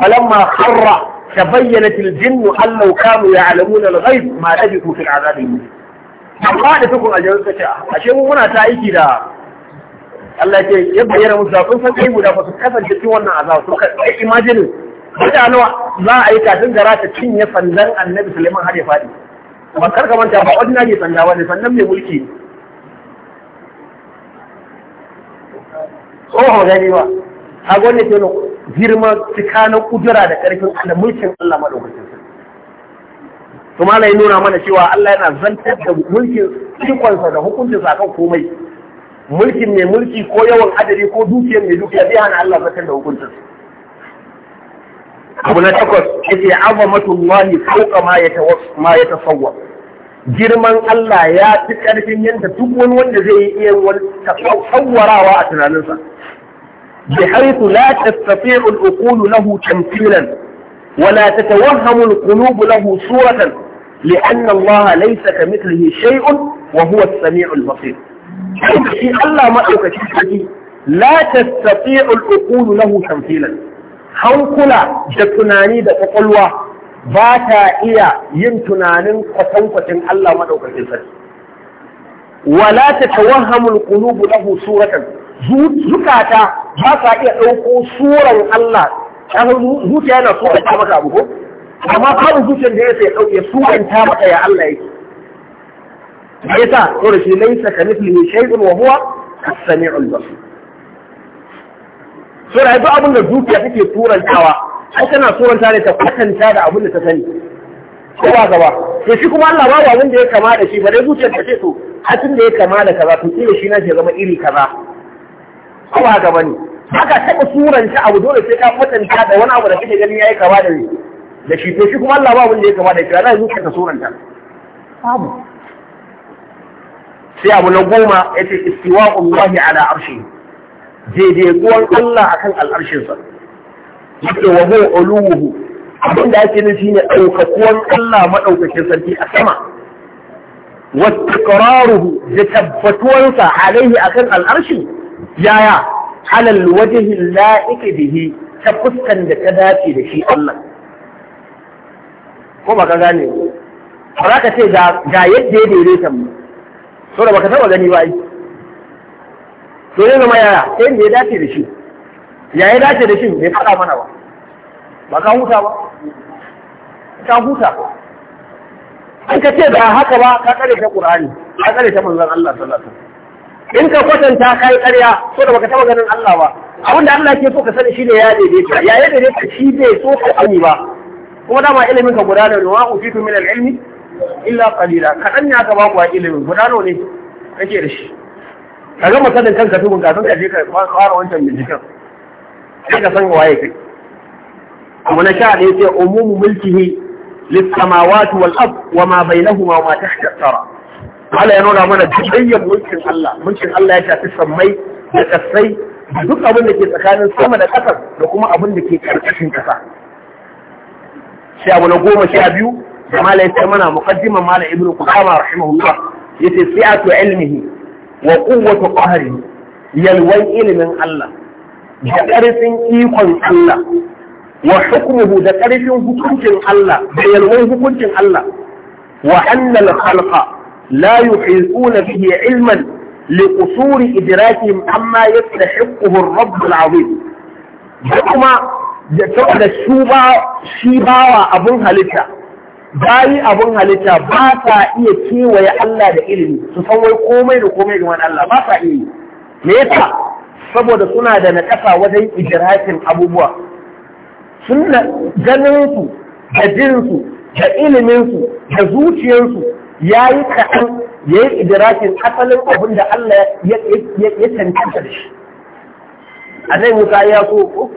falamma harra ta bayyana tiljinnu allau kanu ya alamu na ghaib ma labiku fil azabi amma faɗi tukun aljanu suka ce ashe mun muna ta aiki da Allah ce ya bayyana musu kun san kai guda ba su kasance cikin wannan azab to kai imagine mutane za a yi kafin gara ta cinye sandan annabi Suleiman har ya faɗi ba karka manta ba ne sanda ba ne sannan mai mulki ne tsohon gani ba a gwani ke na girma cika na da ƙarfin Allah mulkin Allah madaukakin to Tuma ya nuna mana cewa Allah yana zantar da mulkin cikonsa da hukuncin kan komai mulkin mai mulki ko yawan adadi ko dukiyar mai dukiya zai hana Allah zantar da hukuncin abu na takwas yace azamatullahi fawqa ma ma yatasawwa girman Allah ya fi ƙarfin yadda duk wani wanda zai yi iya wani a tunaninsa bi haythu la tastati'u al lahu tamthilan wa la tatawahhamu al lahu suratan لأن الله ليس كمثله شيء وهو السميع البصير shi Allah maɗaukacin sarki la tastati'u al lahu tamthilan hankula da tunani da kwakwalwa ba ta iya yin tunanin kwatankwacin Allah maɗaukakin sarki. Wala ta tawahamul kulubu lahu suratan zukata ba ta iya ɗauko suran Allah zuciya yana suranta maka abu amma babu zuciyar da yasa ya ɗauke suranta maka ya Allah yake yasa to da shi laysa kamithlihi shay'un wa huwa as basir to da duk abin da dukiya take turantawa ai tana turanta ne ta kwatanta da abin da ta sani ko ba gaba to shi kuma Allah babu abin da ya kama da shi ba dai zuciyar ta ce to hatin da ya kama da kaza to kila shi na shi zama iri kaza ko ba gaba ne haka taɓa turanta abu dole sai ka kwatanta da wani abu da kake ganin ya yi kama da ni da shi to shi kuma Allah babu da ya kama da shi ana zuciyar ta turanta babu sai abu na goma ya yace istiwa'ullahi ala arshi daidaituwar Allah akan al'arshinsa yake wa huwa uluhu abin da ake nufi ne ɗaukakuwan Allah maɗaukakin sarki a sama wa da tabbatuwarsa alaihi akan al'arshi yaya alal wajhi la'ika bihi ta fuskan da ta dace da shi Allah ko ba ka gane ba za ka ce ga yadda ya daidaita mu ba baka taɓa gani ba ai to ya zama yaya sai me ya dace da shi ya ya dace da shi bai faɗa mana ba ba ka huta ba ka huta an ka ce da haka ba ka kare ta qur'ani ka kare ta manzon Allah sallallahu alaihi wasallam in ka kwatanta kai ƙarya so da baka taba ganin Allah ba abinda Allah ke so ka sani shine ya daidaita ya ya daidaita shi bai so ka sani ba kuma dama ilimin ka guda ne wa utitu min al-ilmi illa qalila kadan ya ka ba ku ilimin guda ne kake da shi ka gama sanin kanka tukun kafin ka je ka fara wancan binciken sai ka san waye kai abu na sha ɗaya sai umumu mulkihi lissamawati wal ab wa ma bainahuma ma tahta sara Allah ya nuna mana dukkan mulkin Allah mulkin Allah ya shafi sammai da kasai da duk abin da ke tsakanin sama da ƙasar da kuma abin da ke ƙarƙashin ƙasa sai abu na goma sha biyu da malai sai mana muqaddima malai ibnu qudama rahimahullah yace sai'atu ilmihi wa quwwatu qahri yalwan ilimin Allah da ƙarfin ikon Allah wa hukumuhu da ƙarfin hukuncin Allah da yalwan hukuncin Allah wa annal al-khalqa la yuhituna bihi ilman li qusuri idrakihim amma yastahiquhu ar-rabb al-azim da kuma da shi ba shi bawa abun halitta bayi abun halitta ba ta iya kewaye Allah da ilimi su san wai komai da komai ga Allah ba ta iya me yasa saboda suna da nakasa wajen idrakin abubuwa suna ganin su da jin da ilimin su da zuciyar su yayi kaɗan yayi idrakin asalin abin da Allah ya cancanta da shi a zai musa ya so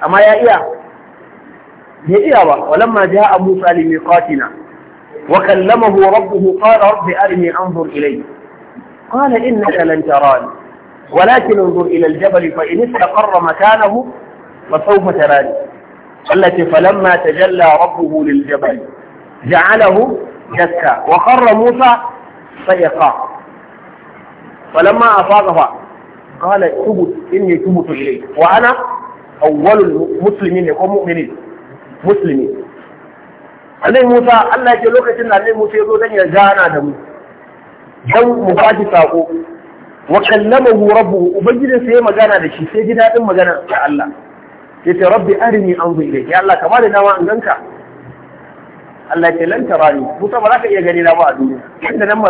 amma ya iya bai ولما جاء موسى لميقاتنا وكلمه ربه قال رب أرني أنظر إليه قال إنك لن تراني ولكن انظر إلى الجبل فإن استقر مكانه فسوف تراني التي فلما تجلى ربه للجبل جعله دكا وقر موسى فيقع فلما أصابها قال تبت إني تبت إليك وأنا أول المسلمين ومؤمنين musulmi annabi Musa Allah ya ce lokacin da annabi Musa ya zo dan ya gana da mu dan mu ba shi sako wa kallamahu rabbuhu ubangijin sa ya magana da shi sai ji dadin magana da Allah ya ce rabbi arini anzu ilayka ya Allah kamar da dama an ganka Allah ya ce lan tarani Musa ba za ka iya gani na ba a duniya inda nan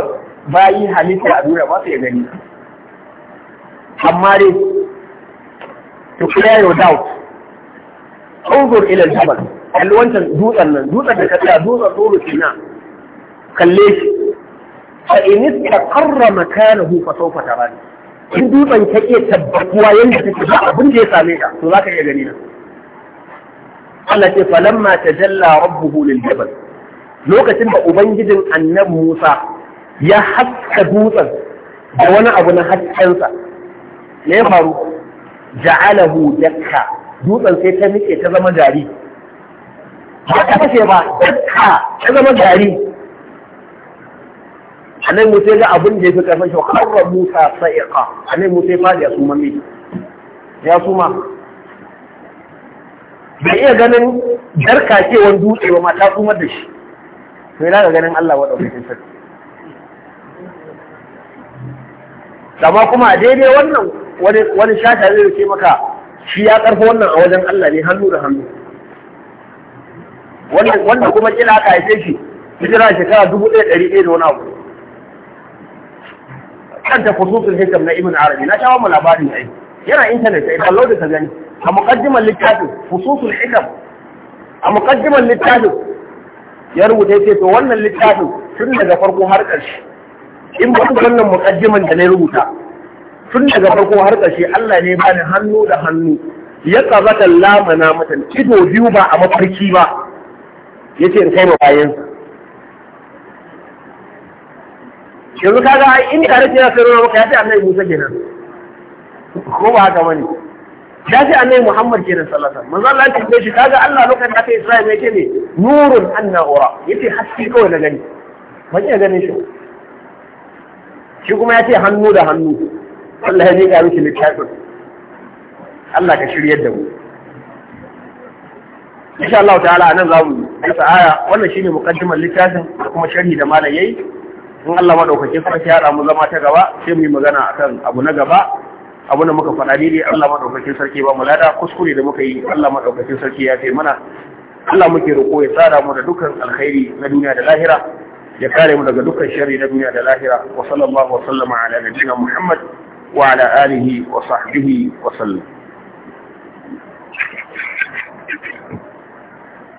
bayi halitta a duniya ba su iya gani amma dai to clear your doubt unzur ila jabal kalli wancan dutsen nan dutsen da ka dutsen tsoro kina kalle shi fa in makanahu fa sawfa tarani in dutsen ta tabbatuwa yanda take ba abin da ya same ka to zaka iya gani na Allah ce falamma tajalla rabbuhu lil jabal lokacin da ubangijin annabi Musa ya haska dutsen da wani abu na haskensa me ya faru ja'alahu dakka dutsen sai ta nike ta zama gari ba ta kashe ba dukka ta zama gari anai musa ga abin da ya fi karfin shi harra musa sa'iqa anai musa ya fadi ya suma mai ya suma bai iya ganin wani dutse ba ma ta sumar da shi sai na ga ganin Allah waɗaukakin sarki Gama kuma a daidai wannan wani shata zai ce maka shi ya karfa wannan a wajen Allah ne hannu da hannu wanda kuma kila aka haife shi hijira shekara dubu ɗaya ɗari ɗaya da wani abu kanta fususul hikam na ibn arabi na shawar mu labarin yi. yana intanet ai kallo da ka gani a muqaddimar littafin fususul hikam a muqaddimar littafin ya rubuta yake to wannan littafin tun daga farko har ƙarshe in ba wannan muqaddiman da na rubuta tun daga farko har ƙarshe Allah ne bani hannu da hannu ya tsabata lamana mutan ido biyu ba a mafarki ba ya ce in kai ma bayansa yanzu ka ga in tare ce ya sai rona maka ya ce annabi Musa kenan ko ba haka bane ya ce annabi Muhammad kenan sallallahu alaihi wasallam manzo Allah ya tambaye shi kaga Allah lokacin da aka yi Isra'il yake ne nurun anna ura yace haske kawai na gani ban iya ganin shi shi kuma ya ce hannu da hannu Allah ya miƙa miki littafin Allah ka shiryar da mu insha Allah ta'ala nan za mu yi sa'aya. wannan shine muqaddimar littafin da kuma sharhi da malam yayi in Allah madaukake sarki ya mu zama ta gaba sai mu yi magana akan abu na gaba abu da muka faɗa daidai Allah madaukake sarki ba mu lada kuskure da muka yi Allah madaukake sarki ya kai mana Allah muke roƙo ya tsara mu da dukkan alkhairi na duniya da lahira ya kare mu daga dukkan sharri na duniya da lahira wa sallallahu wa sallama ala nabiyina Muhammad وعلى آله وصحبه وسلم